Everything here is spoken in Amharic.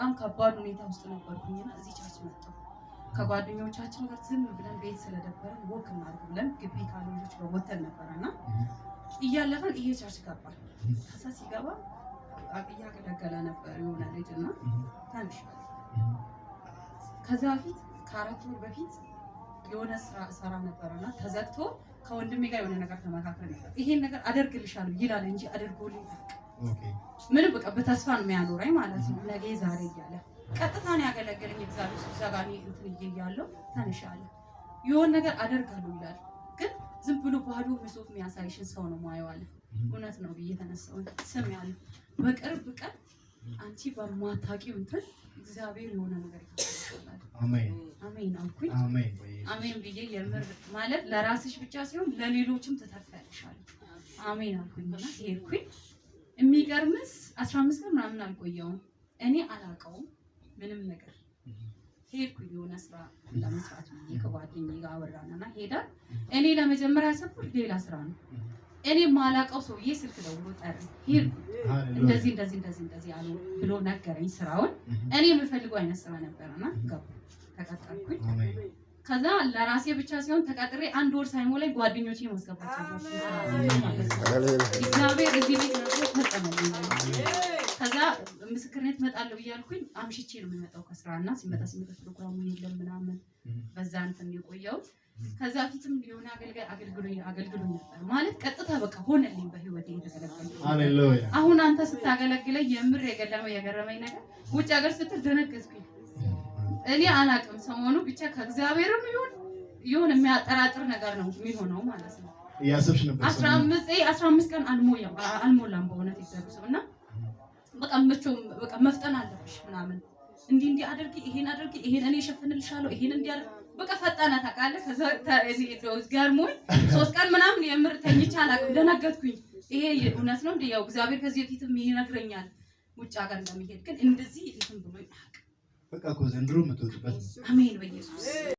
በጣም ከባድ ሁኔታ ውስጥ ነበርኩኝና እዚህ ቻች መጣሁ። ከጓደኞቻችን ጋር ዝም ብለን ቤት ስለደበረን ወክ እናድርግ ብለን ግቢ ካሎች በወተን ነበረና እያለፈን ይሄ ቻች ገባል። ከዛ ሲገባ እያገለገለ ነበር የሆነ ልጅ እና ታንሽ ከዛ በፊት ከአራት ወር በፊት የሆነ ስራ ሰራ ነበረና ተዘግቶ ከወንድሜ ጋር የሆነ ነገር ተመካከል ነበር። ይሄን ነገር አደርግልሻለሁ ይላል እንጂ አደርጎልኝ ምንም በቃ በተስፋ ነው የሚያኖረኝ ማለት ነው። ነገ ዛሬ እያለ ቀጥታ ነው ያገለገለኝ። እግዚአብሔር ስብሰባ እኔ እንትን እያለሁ ተንሻለ የሆን ነገር አደርጋለሁ ይላል። ግን ዝም ብሎ ባዶ መሶብ የሚያሳይሽን ሰው ነው ማየዋለ። እውነት ነው ብዬ ተነሳሁ። ስም ያለ በቅርብ ቀን አንቺ በማታውቂው እንትን እግዚአብሔር የሆነ ነገር አሜን አልኩኝ። አሜን ብዬ የምር ማለት ለራስሽ ብቻ ሲሆን ለሌሎችም ትተርፊያለሽ። አሜን አልኩኝ ሄድኩኝ የሚገርምስ አስራ አምስት ቀን ምናምን አልቆየውም። እኔ አላውቀውም ምንም ነገር ሄድኩ የሆነ ስራ ለመስራት ብዬ ከጓደኛዬ ጋር አወራንና ሄዳል። እኔ ለመጀመሪያ ያሰብኩት ሌላ ስራ ነው። እኔ ማላውቀው ሰውዬ ስልክ ደውሎ ጠረኝ። ሄድኩ እንደዚህ እንደዚህ እንደዚህ እንደዚህ አሉ ብሎ ነገረኝ ስራውን። እኔ የምፈልገው አይነት ስራ ነበርና ገባ ተቀጠርኩኝ። ከዛ ለራሴ ብቻ ሲሆን ተቀጥሬ አንድ ወር ሳይሞላኝ ጓደኞቼ ማስገባቸው እግዚአብሔር ከዛ ምስክርነት እመጣለሁ ብያልኩኝ አምሽቼ ነው የሚመጣው ከስራ እና ሲመጣ ሲመጣ ፕሮግራሙ የለም ምናምን በዛ እንትን የቆየው ከዛ ፊትም የሆነ አገልጋይ አገልግሎ አገልግሎ ነበር ማለት ቀጥታ በቃ ሆነልኝ በህይወት የተገለገልኩ። አሁን አንተ ስታገለግለኝ የምር የገለመው የገረመኝ ነገር ውጭ ሀገር ስትል ደነገዝኩኝ። እኔ አላቅም። ሰሞኑ ብቻ ከእግዚአብሔርም ይሁን ይሁን የሚያጠራጥር ነገር ነው የሚሆነው ማለት ነው። እያሰብሽ ነበር። አስራ አምስት ቀን አልሞላም በእውነት ይዘብሱ እና በቃ መቼም በቃ መፍጠን አለብሽ ምናምን እንዲህ እንዲህ አድርጊ፣ ይሄን አድርጊ፣ ይሄን እኔ እሸፍንልሻለሁ፣ ይሄን እንዲህ አድርጊ በቃ ፈጠነ ታውቃለህ። ገርሞኝ ሶስት ቀን ምናምን የምር ተኝቼ አላውቅም። ደነገጥኩኝ። ይሄ እውነት ነው እንደ ያው እግዚአብሔር ከዚህ በፊትም ይነግረኛል ውጭ ሀገር እንደሚሄድ ግን እንደዚህ በቃ እኮ ዘንድሮ የምትወጡበት አሜን በኢየሱስ